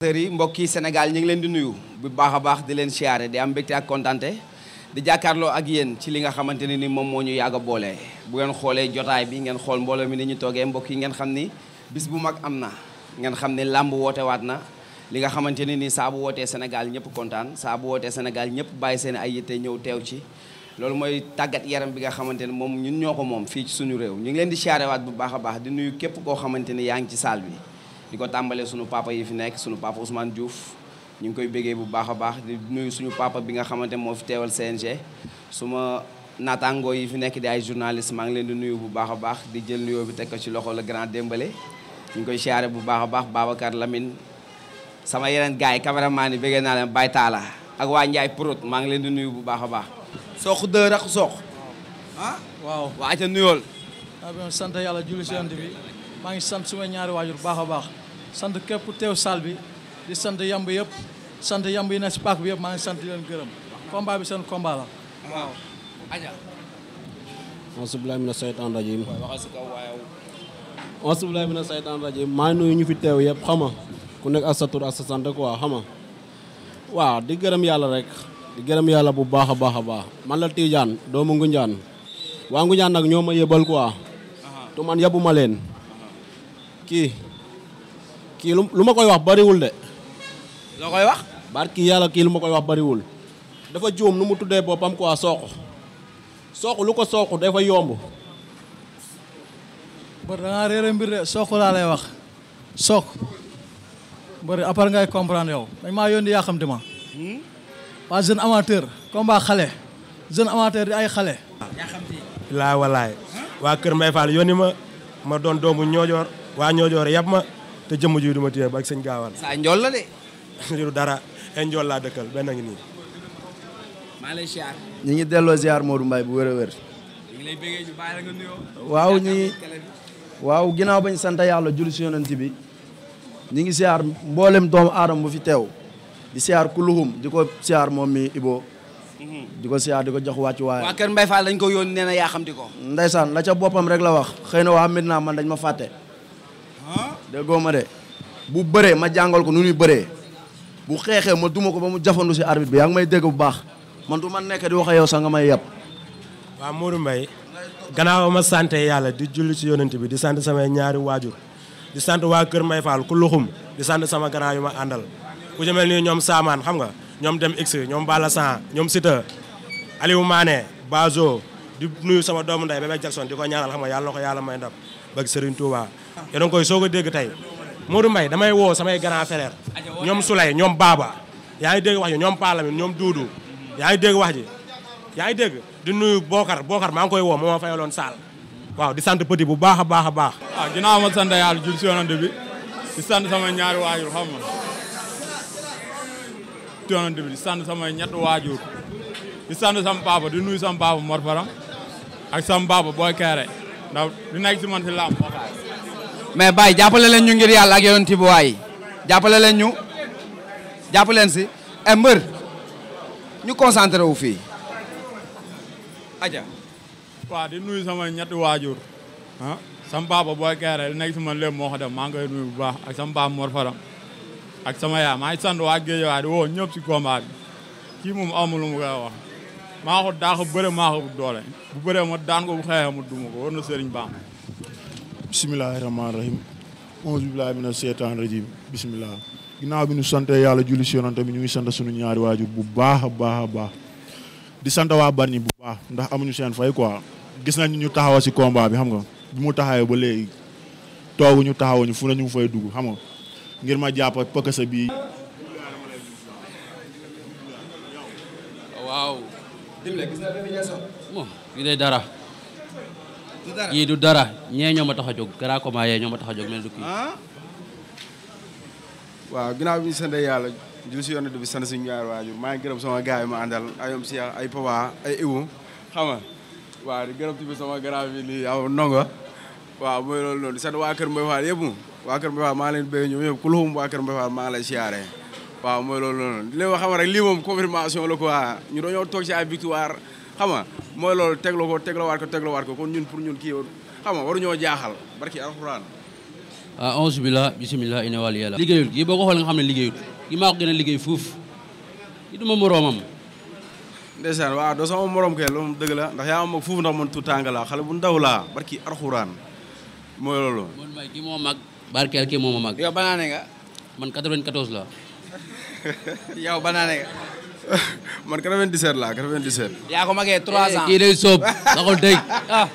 yi mbokki Sénégal ñu ngi leen di nuyu bu baax a baax di leen siyaare di am mbégte ak kontante di jàkkaarloo ak yéen ci li nga xamante ne ni moom moo ñu yàgg a bu ngeen xoolee jotaay bi ngeen xool mbooloo mi ni ñu toogee mbokk yi ngeen xam ni bis bu mag am na ngeen xam ni làmb woote waat na li nga xamante ne ni saa bu wootee Sénégal ñëpp kontaan saa bu wootee Sénégal ñëpp bàyyi seen ay yitte ñëw teew ci loolu mooy tàggat yaram bi nga xamante ne moom ñun ñoo ko moom fii ci suñu réew ñu ngi leen di siyaare waat bu baax a baax di nuyu képp koo xamante ni yaa ngi ci salle bi di ko tàmbalee suñu papa yi fi nekk suñu papa Ousmane Diouf ñu ngi koy béggee bu baax a baax di nuyu suñu papa bi nga xamante moo fi teewal CNG suma naataangoo yi fi nekk di ay journaliste maa ngi leen di nuyu bu baax a baax di jël nuyoo bi teg ko ci loxo la grand Dembélé ñu koy siyaare bu baax a baax Babacar Lamine sama yeneen gars yi cameraman yi naa leen Baye Talla waa Ndiaye Prod maa ngi leen di nuyu bu baax a baax soq de rak soq ah waaw waa ca nuyool ñaari waajur baax a baax sant képp teew salle bi di sant yamb yëpp sant yamb yi ne si paak bi yëpp maa ngi sant di leen gërëm combat bi seen combat la waaw aja ansubila na seytaan rajim ansubila maa ngi nuyu ñu fi teew yëpp xama ku nekk ak sa tur ak sa sant quoi xama waaw di gërëm yàlla rek di gërëm yàlla bu baax a baax a baax man la tiijaan doomu Ngunjaan waa Ngunjaan nag ñoo ma yëbal quoi te man yabuma leen kii kii lu ma koy wax bariwul de. loo koy wax. barki yàlla kii ma koy wax bariwul. dafa juum lu mu tuddee boppam ko sooq sooq lu ko sooq dafa yomb. ba da ngaa réere mbir de sooq laa lay wax sooq. bëri après ngay comprendre yow dañ maa yónni yaa xam te ma. Hmm? waa jeune amateur. xale. jeune amateur di ay xale. yaa xam waa Kër Mbaye Fall yónni ma ma doon doomu ñoojoor waa ñoojoor yab ma. te jëmm ji du ma téye ba ak sëñ gaawaan. saa njool la de. du dara ay njool laa dëkkal benn ngi nii. maa lay ziar. ñu ngi delloo ziar Modou Mbaye bu wér a wér. ñu ngi lay bëggee ñu bàyyi ginnaaw bañ sant yàlla julli si yonent bi ñu ngi ziar mboolem doomu aadama bu fi teew. di siyaar kuluhum di ko siyaar moom mi Ibo. Mhm. ko siyaar di ko jox wàccu waaye. waa kër Mbaye Fall dañ ko yónni nee na yaa xam di ko. Ndeysaan la ca boppam rek la wax xëy na waa Medina man dañ ma fàtte. déggoo ma de bu bëree ma jàngal ko nu ñuy bëree bu xeexee ma duma ko ba mu jafandu si arbitre bi yaa ngi may dégg bu baax man du ma nekk di wax ak yow sax nga may yab. waa Modou Mbaye gannaaw ma sant yàlla di julli si yonent bi di sant samay ñaari waajur di sant waa Kër may Fall ku luxum di sant sama gannaaw yu ma àndal ku jëmel nii ñoom saamaan xam nga ñoom dem x ñoom Balla San ñoom Sita Aliou Mané Bazo di nuyu sama doomu nday Bébé Jackson di ko ñaanal xam nga yàlla na ko yàlla may yow da nga koy soog a dégg tey Modou Mbaye damay woo samay grand frère ñoom Souley ñoom baaba yaa ngi dégg wax ji ñoom Palamine ñoom Doudou yaa ngi dégg wax ji yaa ngi dégg di nuyu Bokar Bokar maa ngi koy woo moo ma fayaloon Saal waaw di sant petit bu baax a baax a baax. waaw ginnaaw ma sant yàlla jul si yonante bi di sant sama ñaari waajur xam nga si yonante bi di sant sama ñetti waajur di sant sama papa di nuyu sama papa Mor ak sama papa Boy Kéré di nekk si man si mais Baye jàppale leen ñu ngir yàlla ak yonent bu waay jàppale leen ñu jàpp leen si e mbër ñu concentré wu fii aja waaw di nuyu sama ñetti waajur ah sama papa booy kere li nekk si man lépp moo ko def maa ngi koy bu baax ak sama papa Mor Faram ak sama yaa maa ngi sant waa géej waa di woo ñëpp si combat bi kii moom mu koy wax maa ko daa ko maa ko bu bëree ma daan ko bu xeexee ma duma ko war na Serigne Bamba bisimilahi rahmaani rahim onze bi mina seytaan rajim bisimilah ginnaaw bi ñu santee yàlla julli si yonante bi ñu ngi sant suñu ñaari waajur bu baax a baax a baax di sant waa Bargny bu baax ndax amuñu seen fay quoi gis nañ ñu taxawa si combat bi xam nga bi mu taxawee ba léegi tooguñu taxawuñu fu nañu fay dugg xam nga ngir ma jàpp pëkasa bii waaw dara yii du dara ñee ñoo ma tax a jóg Grand Combat yee ñoo ma tax a jóg mel du kii ah? waaw ginnaaw bi ñu sant yàlla maa ngi gërëm sama gaay yi ma àndal ayom si ay papa ay iwu xam waaw di gërëm tamit sama grand bi nii aw waaw mooy loolu noonu di sant waa Kër Mbaye Fall yëpp waa Kër Mbaye Fall maa ngi leen béy waaw mooy loolu noonu di leen wax xam rek lii confirmation la quoi ñu dañoo toog si ay victoire xam mooy loolu tegloo ko teglawaat ko ko kon ñun pour ñun kii xam nga waruñoo jaaxal barki alxuraan ah onze billah bisimilah ina wàll yàlla liggéeyul yi boo ko xool nga xam ne liggéeyut yi maa ko gën a liggéey fuuf yi duma moroomam ndeysaan waaw doo sama morom kay loolu dëgg la ndax yaa ma mag fuuf ndax man tuutàng laa xale bu ndaw laa barki alxuraan mooy loolu man may kii moo mag barkeel kii moo ma mag yow banaane nga man 94 la yow man 97 laa 97. yaa ko magee 3 ans eh, kii day soob taxul dégg ah.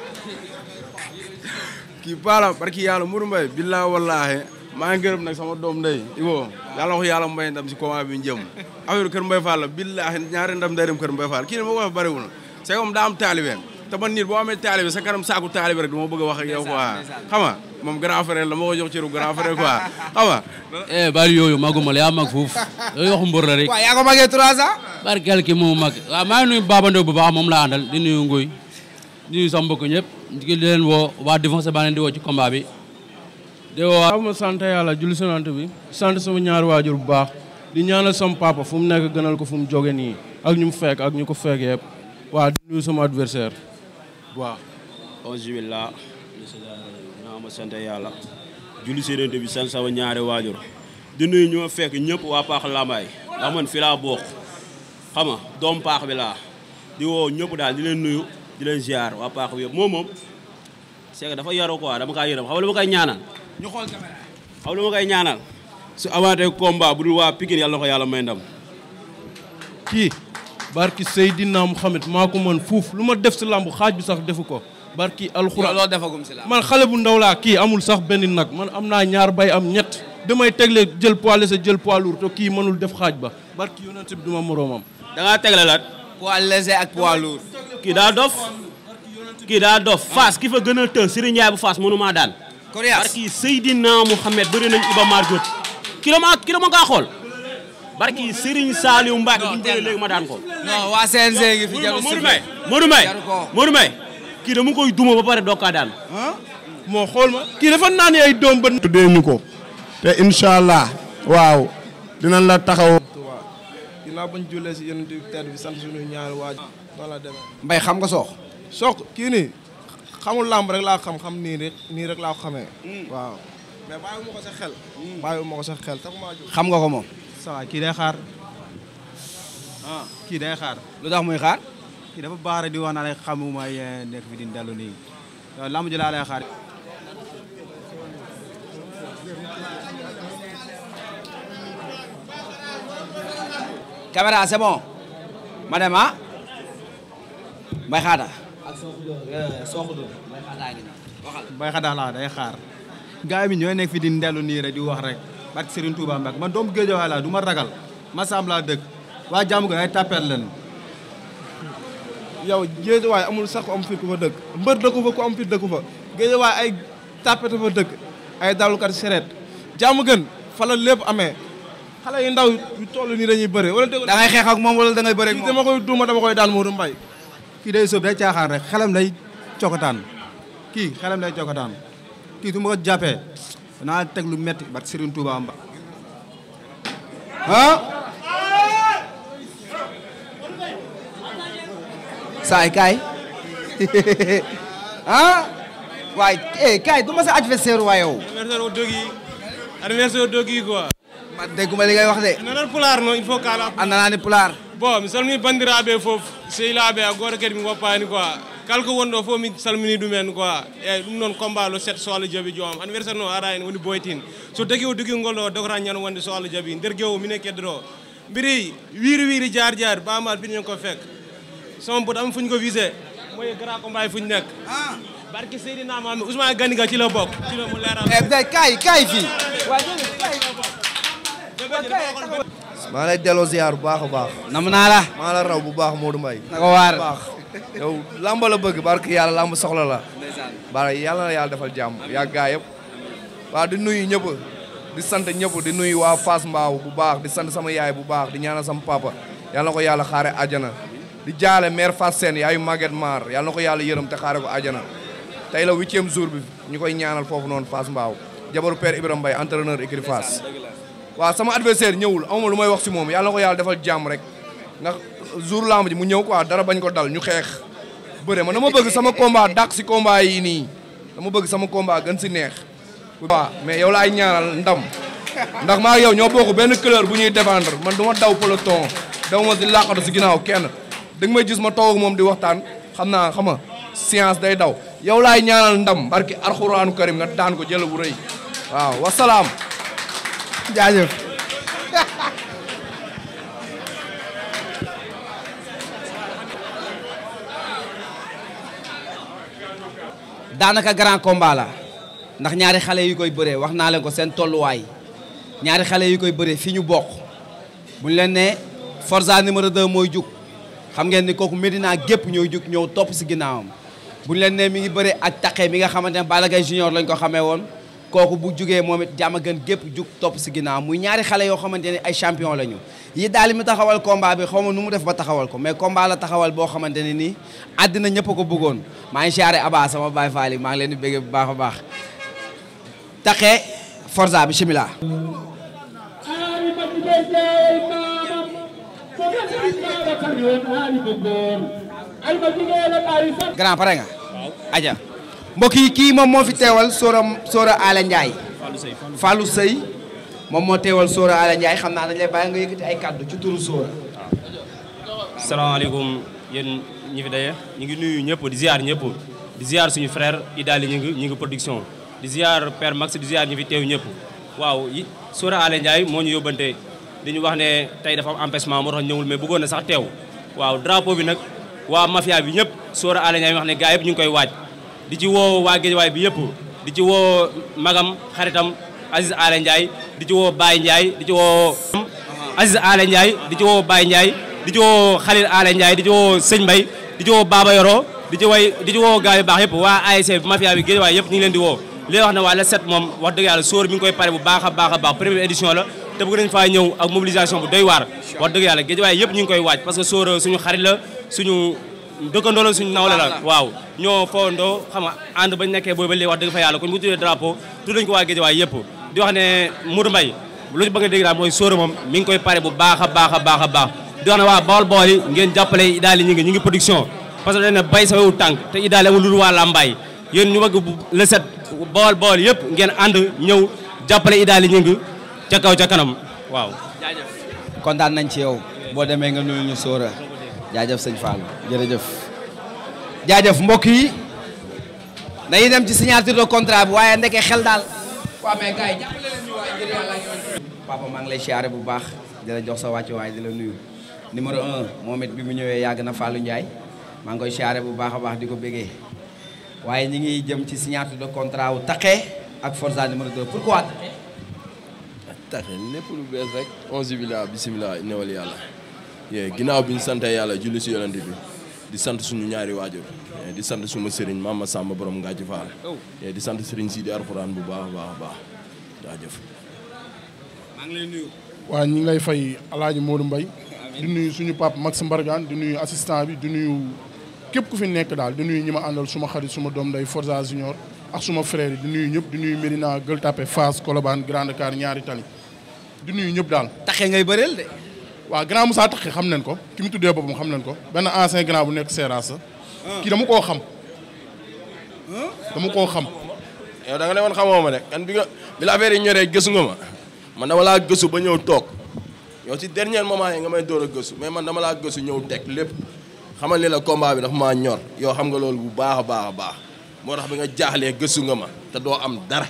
kii Paala barki yàlla Mourou Mbaye billaa wallaahi maa ngi gërëm nag sama doom ndey Ibo yàlla wax yàlla mbay ndam si combat bi njëm affaire kër Mbaye la billaahi ñaari ndam day dem kër Mbaye Fall kii ne ma ko wax bariwul c'est comme daa am taalibeem te man nit boo amee taalibe sa kanam saaku taalibe rek dama bëgg a wax ak yow quoi moom grand frère la moo ko jox ci ru grand frère quoi xam nga. Eh, bari yooyu maguma la yaa mag foofu yooyu waxu mbor la rek. waaw yaa ko magee moo mag waaw maa ngi nuyu bu baax moom laa àndal di nuyu Ngoy di nuyu sama mbokk ñëpp di leen woo waa défense baa leen di bi. di sant yàlla julli sonante sant sama ñaari waajur bu baax di ñaanal sama papa fu mu nekk gënal ko fu mu jóge nii ak ñu mu fekk ak ñu ko fekk waa di nuyu sama adversaire. waaw onze billah naa sant yàlla julli séeréente bi sant sama ñaari waajur di nuyu ñu fekk ñëpp waa paax lambaay ndax man fi laa bokk xam doom paax bi laa di woo ñëpp daal di leen nuyu di leen ziar waa paax bi yëpp moom moom c'est que dafa yaru quoi dama kaa yërëm xam lu ma koy ñaanal ñu xool xam bu dul waa Pikine yàlla na ko yàlla may ndam kii barki Seydina Mouhamed maa ko mën fuuf lu ma def si làmb xaaj bi sax defu ko barki alxuraan loo si làmb man xale bu ndaw laa kii amul sax benn nag man am naa ñaar bay am ñett damay tegle jël poids léger jël poids lourd te kii mënul def xaaj ba barki yonent bi duma moroomam da ngaa tegle laat poids léger ak poids kii daa dof kii daa dof Fass ki fa gën a të Serigne Ndiaye bu Fass mënumaa daan barki Seydina Mouhamed bëri nañ Iba Mar Diop kilo ma kilo ma ngaa xool barki Serigne Saliou Mbacke bu ñu bëree léegi ma daan ko. non waa CNG ngi fi jarul Modou kii dama koy duma ba pare dookaa daan. moo xool ma kii dafa naan ay doom ba. tuddee ñu ko te incha allah waaw dina la taxaw. ginnaaw bañ jullee si yéen tedd bi sant suñu ñaari waaj. wala demee Mbaye xam nga soox. soox kii nii xamul làmb rek laa xam xam nii rek nii rek laa ko xamee. Hmm. waaw mais bàyyiwuma ko sa xel. Hmm. bàyyiwuma xam nga ko moom. saa kii day xaar. ah kii day lu muy xaar. kii dafa baare di wax naa lay xamuma yéen nekk fi di dellu nii waaw lamb ji laa lay xaar. caméra c'est bon ma dem ah Mbaye eh, laa day xaar. gars yi ñooy nekk fi di dellu nii rek wax rek. barke Serigne Touba Mbacke man doomu Géejawaay laa du ma ragal Massam laa dëkk waa jàmm ga ay tapet leen. yow Géejawaay amul sax ku am fi ku fa dëkk mbër dëkku fa ku am fi dëkku fa Géejawaay ay tapet fa dëkk ay dalukat seret jàmm gën fa la lépp amee xale yu ndaw yu toll nii dañuy bëre wala. da ngay moom wala da ngay bëre ak moom dama koy duuma dama koy kii day sóob day caaxaan rek xelam day cokataan kii xelam day cokataan kii du ma danaa teg lu metti barke Serigne Touba Mba ah. saay kaay ah waay eh kaay du adversaire waa adversaire dog yi adversaire dog yi quoi. li ngay wax de. nanan pulaar no il faut kala. andanaani pulaar. bon mi salmini bandiraaɓe fof sehilaɓe a gooto kadi mi woppaani quoi. kalko wonɗo fof mi salmini ɗumen quoi eyyi ɗum noon combat lo set so allah jaaɓi joom anniversaire no ara en woni boytin so dogui o dogui ngol ɗo dogata ñan wonde so allah jaaɓi nder guewo mine keddoto mbiri wiiri wiiri jaar jaar bamal pinen ko fek sama bot am fuñ ko visé mooy grand combat fuñ nekk ah. barke Seydina Mame Ousmane Gandiga ci la bokk ci la mu leeral kaay kaay fii maa lay delloo ziar bu baax a baax nam naa la maa bu baax Modou Mbaye baax yow lamba la bëgg barke yàlla lamba soxla la. bara yàlla la yàlla defal jàmm yàgg gaa yëpp. waaw di nuyu ñëpp di sant ñëpp di nuyu waa Fass Mbaaw bu baax di sant sama yaay bu baax di ñaanal sama papa yàlla na ko yàlla xaare àjjana. di jaale maire Fass Sène yaayu Maguette Mar yàlla na ko yàlla yërëm te xaare ko àjjana. tey la huitième jour bi ñu koy ñaanal foofu noonu Fass Mbaaw jabaru père Ibrahima Mbaye entraîneur écurie Fass. waaw sama adversaire ñëwul amuma lu may jàmm rek jour lamb ji mu ñëw quoi dara bañ ko dal ñu xeex bëre ma na ma bëgg sama combat dàq si combat yi nii dama bëgg sama combat gën si neex waaw mais yow laay ñaanal ndam ndax maa yow ñoo bokk benn couleur bu ñuy défendre man du ma daw peloton daw ma di làqatu si ginnaaw kenn da ma may gis ma toog moom di waxtaan xam naa xama nga day daw yow laay ñaanal ndam barki alxuraanu karim nga daan ko jël bu rëy waaw wasalaam daanaka grand combat la ndax ñaari xale yi koy bëree wax naa leen ko seen tolluwaay ñaari xale yi koy bëree fi ñu bokk bu ñu leen nee Forza numéro 2 mooy jug xam ngeen ni kooku Medina gépp ñooy jug ñëw topp si ginnaawam bu leen nee mi ngi bëree ak taqe mi nga xamante ne Balla Gaye junior lañ ko xamee woon kooku bu jugee moom it jàmm a gën gépp jug topp si ginnaawam muy ñaari xale yoo xamante ne ay champion la ñu. yi daal mi taxawal combat bi xaw ma nu mu def ba taxawal ko mais combat la taxawal boo xamante ne nii àddina ñëpp ko bëggoon maa ngi siyaare Aba sama baay faal maa ngi leen di bëggee a baax taxe Forza bismillah pare nga aja mbokk yi kii moom moo fi teewal Sora Sora Ala Ndiaye Fallou moom moo teewal Sora Alla xam naa dañ lay bàyyi nga yëkkati ay kàddu ci turu Sora. waaw ñi fi daje ñu ngi nuyu ñëpp di ziar ñëpp suñu frère Idali ñu ngi ñu ngi production di ziar père Max di ziar ñi fi teew ñëpp. waaw yi Sora Ndiaye moo ñu yóbbante dañu wax ne tey dafa am empêchement moo tax ñëwul mais bëggoon na sax teew waaw drapeau bi nag waaw mafia bi ñëpp Sora Alla Ndiaye wax ne gars yëpp ñu ngi koy waaj di ci woo waa Guédiawaye bi yëpp di ci woo magam xaritam. Aziz Aly Ndiaye di ci woo Baye Ndiaye di ci woo Aziz Aly Ndiaye di ci woo Baye Ndiaye di ci woo Khalil Aly Ndiaye di ci woo Sëñ Mbay di baax yëpp waa ASC mafia bi géej waaye yëpp ñu ngi leen di woo li wax na waa la set moom wax dëgg yàlla sóor mi koy a baax a baax première édition la te yëpp ñu ngi koy waaj parce que sóor suñu xarit la suñu dëkkandoo la suñu nawle la waaw ñoo fowandoo xam nga ànd bañ nekkee boobu ba léegi wax dëgg fa yàlla kon bu tuddee drapeau tuddañ ko waa géej waaye yëpp di wax ne Modou Mbaye lu ci ba a dégg daal mooy sóora moom mi ngi koy pare bu baax a baax a baax di wax ne waa Bawol Bawol ngeen jàppale Idaly ñu ngi ñu production parce ne bay sa wewu tànk te Idaly amul lu waa Lambaye yéen ñu bëgg le set Bawol Bawol waaw jaajëf kontaan nañ ci yow boo demee nga nuyu ñu sóora jaajëf sëñ Fall jërëjëf jaajëf mbokk yi dem ci signature de contrat waaye ndeke xel daal waaw mais papa maa ngi lay siyaare bu baax di la jox sa wàcc waaye di la nuyu numéro un moom it bi mu ñëwee yàgg na Fallou Ndiaye maa ngi koy siyaare bu baax a baax di ko bégee waaye ñu ngi jëm ci signature de contrat wu Takké ak Forza numéro 2 pourquoi Takké. Takké lépp lu bees rek. onze billah bisimilah newal yàlla. yee ginnaaw bi ñu sant yàlla julli si yonent bi di sant suñu ñaari waajur. Eh, di sant suma sëriñ ma Samba borom ngaa ci faal oh. eh, di sant sëriñ si di arxuraan bu baax baax baax jaajëf maa ngi lay nuyu waa ñu ngi lay fay alaaji Modou mbay di nuyu suñu pap Max Mbargane di nuyu assistant bi di nuyu képp ku fi nekk daal di nuyu ñi ma àndal suma xarit suma doom day Forza Junior ak suma di nuyu ñëpp di nuyu Médina Gueule Tapée Fass Colobane Grand ñaari tali di nuyu ñëpp daal taxe ngay bëreel de waaw grand Moussa taxe xam nañ ko ki mu tuddee boppam xam nañ ko benn ancien grand bu nekk Seras kii dama koo xam. dama koo xam. yow da nga ne woon xamoo ma de kan bi nga bi la affaire yi ñoree gësu nga ma man dama laa gësu ba ñëw toog yow si dernier moment yi nga may door a gësu mais man dama laa gësu ñëw teg lépp xamal ni la combat bi dafa maa ñor yow xam nga loolu bu baax a baax a baax moo tax bi nga jaaxlee gësu nga ma te doo am dara.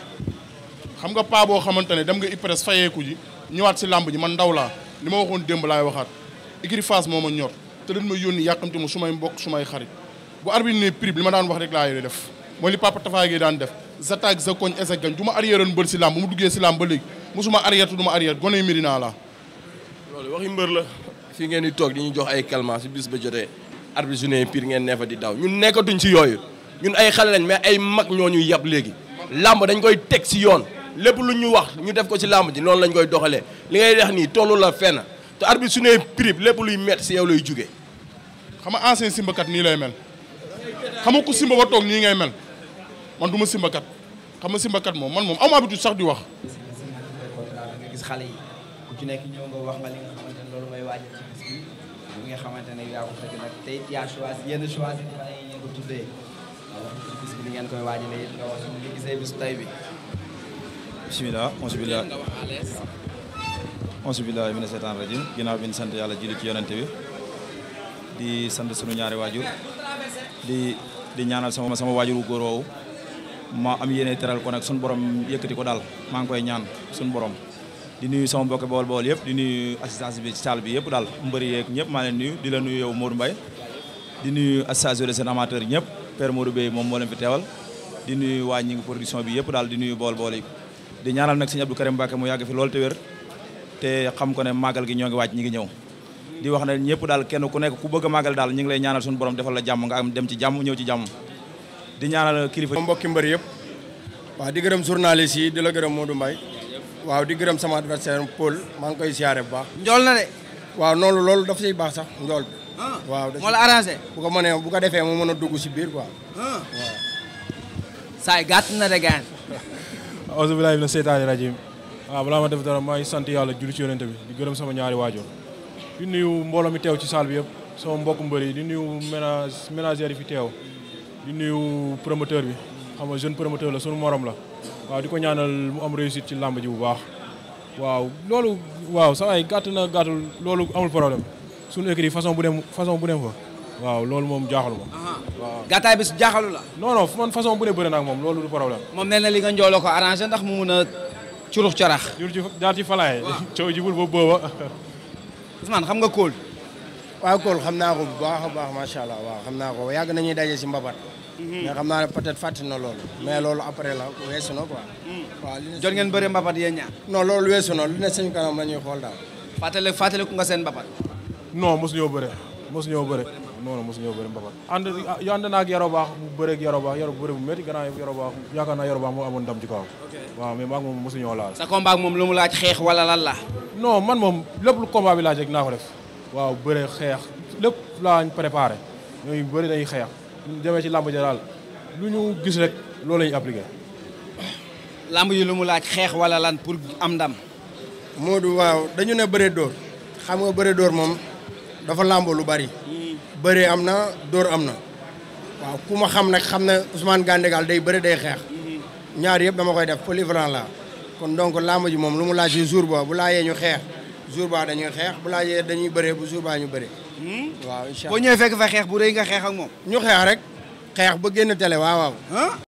xam nga paa boo xamante ne dem nga IPRES fayeeku ji ñëwaat si làmb ji man ndaw laa li ma waxoon démb laay waxaat Igri Fass moo ma ñor te dañ ma yónni yàkkamti ma su may mbokk su may bu arbitre ne prix bi li ma daan wax rek laa yore def mooy li papa Tafa gi daan def zattaag sa koñ esa gañ du ma arrièreoon mbër si làmb bu mu duggee si làmb ba léegi mosuma arrière tu du ma arrière gone Médina la loolu waxi mbër la fii ngeen di toog di ñu jox ay calmants si bis ba jotee arbitre su ne ngeen nee di daw ñun nekkatuñ si yooyu ñun ay xale lañ mais ay mag ñoo ñu yab léegi làmb dañ koy teg si yoon lépp lu ñu wax ñu def ko si làmb ji noonu lañ koy doxalee li ngay wax nii tollu la fenn te arbitre su ne prix lépp luy metti si yow lay jugee xam nga ancien simbakat nii lay mel xam nga ku simba ba toog nii ngay mel man du ma simbakat xam nga simbakat moom man moom am habitude sax di wax. gis xale yi nekk ñëw nga wax nga xamante ne loolu may waajal ci nga xamante ne yaa ko fekk nag tey yaa yenn choisi yi ngeen ko tuddee wax ci bis bi ni ngeen koy waajalee nga wax ñu gisee bisu tey bi. bisimilah monsibillah ginnaaw bi sant yàlla julli ci yonente bi di sant sunu ñaari waajur di ñaanal sama sama waajuru góor woowu ma am yéene teral ko nag suñu borom yëkkati ko daal maa ngi koy ñaan suñu borom di nuyu sama mbokk bawol bawol yëpp di nuy assistance bi ci bi yëpp daal mbëri yeeg ñëpp maa leen nuyu di la nuyu yow Modou Mbaye di nuyu association de seen amateur ñëpp Père Modou moom moo leen fi teewal di nuyu waa ñi ngi production bi yëpp daal di nuyu bawol bawol yi di ñaanal nag sëñ Abdou Karim Mbacké mu yàgg fi lool te wér te xam ko ne màggal gi ñoo ngi waaj ñi ngi ñëw di wax na ñëpp daal kenn ku nekk ku bëgg a màggal daal ñu ngi lay ñaanal suñu borom defal la jàmm nga am dem ci jàmm ñëw ci jàmm di ñaanal kilifa mbokki mbër yëpp waaw di gërëm journaliste yi di la gërëm Modou Mbaye waaw di gërëm sama adversaire Paul maa ngi koy siyaare bu baax njool na de waaw noonu loolu daf siy baax sax njool bi ah, waaw moo la arrangé bu ko mënee bu ko defee mu mën a dugg si biir quoi ah. waaw saay gàtt na de gaan auzu billahi mina seytaani rajim waaw balaa ma def dara maa ngi sant yàlla julli ci yonente bi di gërëm sama ñaari di nuyu mbooloo mi teew ci salle bi yëpp sama mbokk mbër yi di nuyu ménage ménagère yi fi teew di nuyu promoteur bi xam nga promoteur la sunu morom la waaw di ko ñaanal mu am réussite ci làmb ji bu baax waaw loolu waaw sa ay gàtt na loolu amul problème sunu écrit façon bu dem bu dem fa loolu moom jaaxalu ma waaw gàttaay bi su jaaxalu la non man façon bu ne bëri na moom loolu du problème moom nee li nga njooloo ko arrangé ndax mu mun a curux carax jur jibul boobu booba Ousmane xam nga Kool. waa Kool xam naa ko bu baax a baax macha allah waaw xam naa ko yàgg nañuy daje si Mbabat. Mhm. mais xam naa peut-être fàtte na loolu. mais loolu après la weesu na quoi. Mhm. waaw li jot ngeen bëri Mbabat yee ñaar. no loolu weesu na lu ne suñu kanam la ñuy xool daal. fàttali fàttaliku nga seen Mbabat. non mosu ñoo bëre mosu ñoo bëre. non non mosuñoo bëri mbapat ànd ànd naa ak yaroo baax bu bëreeg yaroo baax yaroo bu bëri bu métti gannaaw yaroo baax yaakaar naa yaroo baax moo amoon ndam ci waaw mais maag moom mosuñoo laal sa combat moom lu mu laaj xeex wala lan la non moom lépp lu combat bi laaj rek naa ko def waaw bëre xeex lépp laañ préparé ñooy bëri day xeex ñu demee ja lu ñu gis rek loolu lañu appliqué làmb yi lu mu laaj xeex wala lan pour am ndam Modou waaw dañu ne bëre dóor xam nga bëre dóor moom dafa làmbo lu bari hmm. bëree am na dóor am na waaw ku ma xam nag xam ne Ousmane Gandigal day bëri day xeex ñaar yëpp dama koy def polyvalent la kon donc làmb ji moom lu mu laajee jour ba bu laajee ñu xeex jour ba dañuy xeex bu laajee dañuy bëree bu jour ba ñu bëree. Hmm? waaw incha ñëwee fekk fa xeex bu rëy nga xeex ak moom. ñu xeex rek xeex ba génn télé waaw waaw.